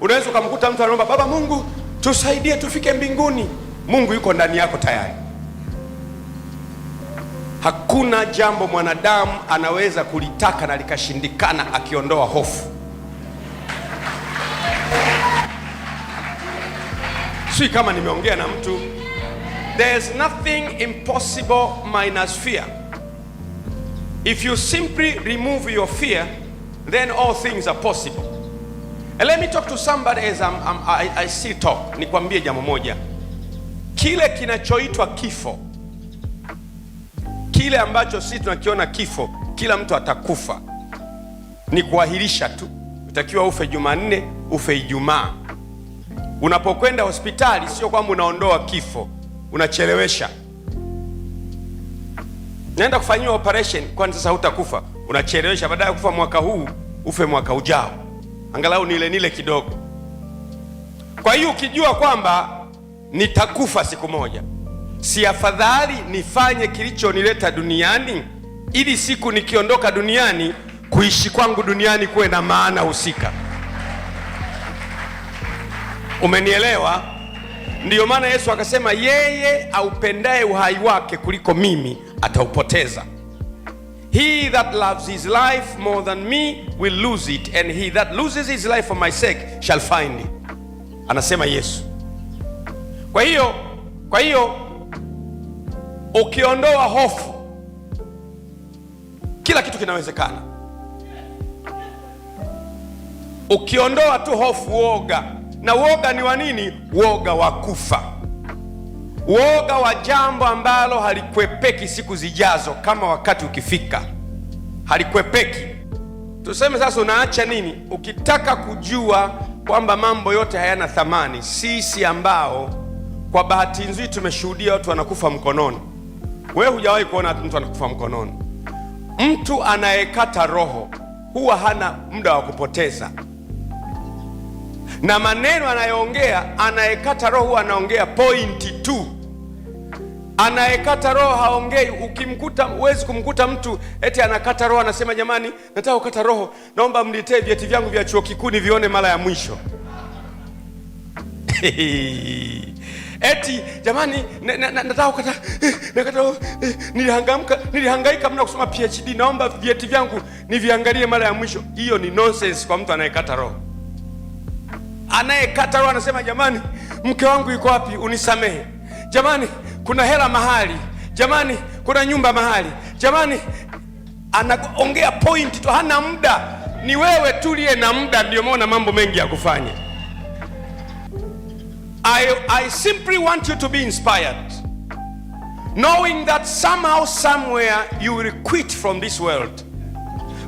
Unaweza ukamkuta mtu anaomba, Baba Mungu tusaidie tufike mbinguni. Mungu yuko ndani yako tayari. Hakuna jambo mwanadamu anaweza kulitaka na likashindikana akiondoa hofu. Si kama nimeongea na mtu There's nothing impossible minus fear. If you simply remove your fear, then all things are possible. And let me talk to somebody as I'm, I'm, I, I see talk. Nikwambie jambo moja, kile kinachoitwa kifo, kile ambacho sisi tunakiona kifo, kila mtu atakufa, ni kuahirisha tu. Utakiwa ufe Jumanne, ufe Ijumaa. Unapokwenda hospitali, sio kwamba unaondoa kifo unachelewesha. Naenda kufanyiwa operation, kwani sasa hutakufa? Unachelewesha, baadaye kufa mwaka huu ufe mwaka ujao, angalau nile nile kidogo. Kwa hiyo ukijua kwamba nitakufa siku moja, si afadhali nifanye kilichonileta duniani ili siku nikiondoka duniani kuishi kwangu duniani kuwe na maana husika? Umenielewa? Ndiyo maana Yesu akasema yeye aupendaye uhai wake kuliko mimi ataupoteza. He that loves his life more than me will lose it and he that loses his life for my sake shall find it. Anasema Yesu. Kwa hiyo, kwa hiyo ukiondoa hofu kila kitu kinawezekana. Ukiondoa tu hofu, woga na woga ni wa nini? Woga wa kufa, woga wa jambo ambalo halikwepeki siku zijazo, kama wakati ukifika halikwepeki. Tuseme sasa, unaacha nini? Ukitaka kujua kwamba mambo yote hayana thamani, sisi ambao kwa bahati nzuri tumeshuhudia watu wanakufa mkononi. Wewe hujawahi kuona mtu anakufa mkononi. Mtu anayekata roho huwa hana muda wa kupoteza na maneno anayoongea, anayekata roho anaongea point tu. Anayekata roho haongei, ukimkuta huwezi kumkuta mtu eti anakata roho anasema, jamani, nataka kukata roho, naomba mlitee vyeti vyangu vya chuo kikuu nivione mara ya mwisho eti jamani, nataka kukata, nakata, roho, nilihangamka, nilihangaika mna kusoma PhD, naomba vyeti vyangu niviangalie mara ya mwisho. Hiyo ni nonsense kwa mtu anayekata roho anayekata roho anasema, jamani, mke wangu yuko wapi? Unisamehe jamani, kuna hela mahali, jamani, kuna nyumba mahali, jamani. Anaongea point tu, hana muda. Ni wewe tu liye na muda, ndio maana mambo mengi ya kufanya. I, I simply want you to be inspired knowing that somehow somewhere you will quit from this world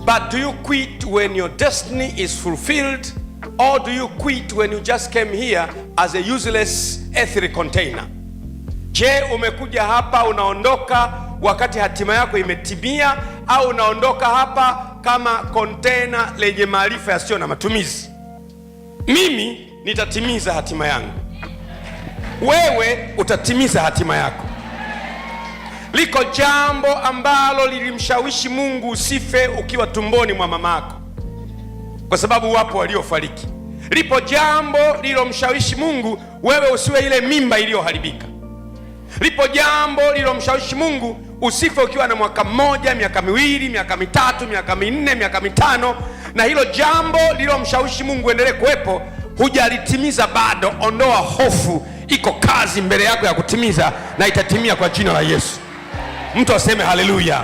but do you quit when your destiny is fulfilled Or do you quit when you just came here as a useless earthly container? Je, umekuja hapa unaondoka wakati hatima yako imetimia au unaondoka hapa kama container lenye maarifa yasiyo na matumizi? Mimi nitatimiza hatima yangu. Wewe utatimiza hatima yako. Liko jambo ambalo lilimshawishi Mungu usife ukiwa tumboni mwa mamako kwa sababu wapo waliofariki. Lipo jambo lilomshawishi Mungu wewe usiwe ile mimba iliyoharibika. Lipo jambo lilomshawishi Mungu usife ukiwa na mwaka mmoja, miaka miwili, miaka mitatu, miaka minne, miaka mitano, na hilo jambo lilomshawishi Mungu endelee kuwepo hujalitimiza bado. Ondoa hofu, iko kazi mbele yako ya kutimiza na itatimia kwa jina la Yesu. Mtu aseme haleluya.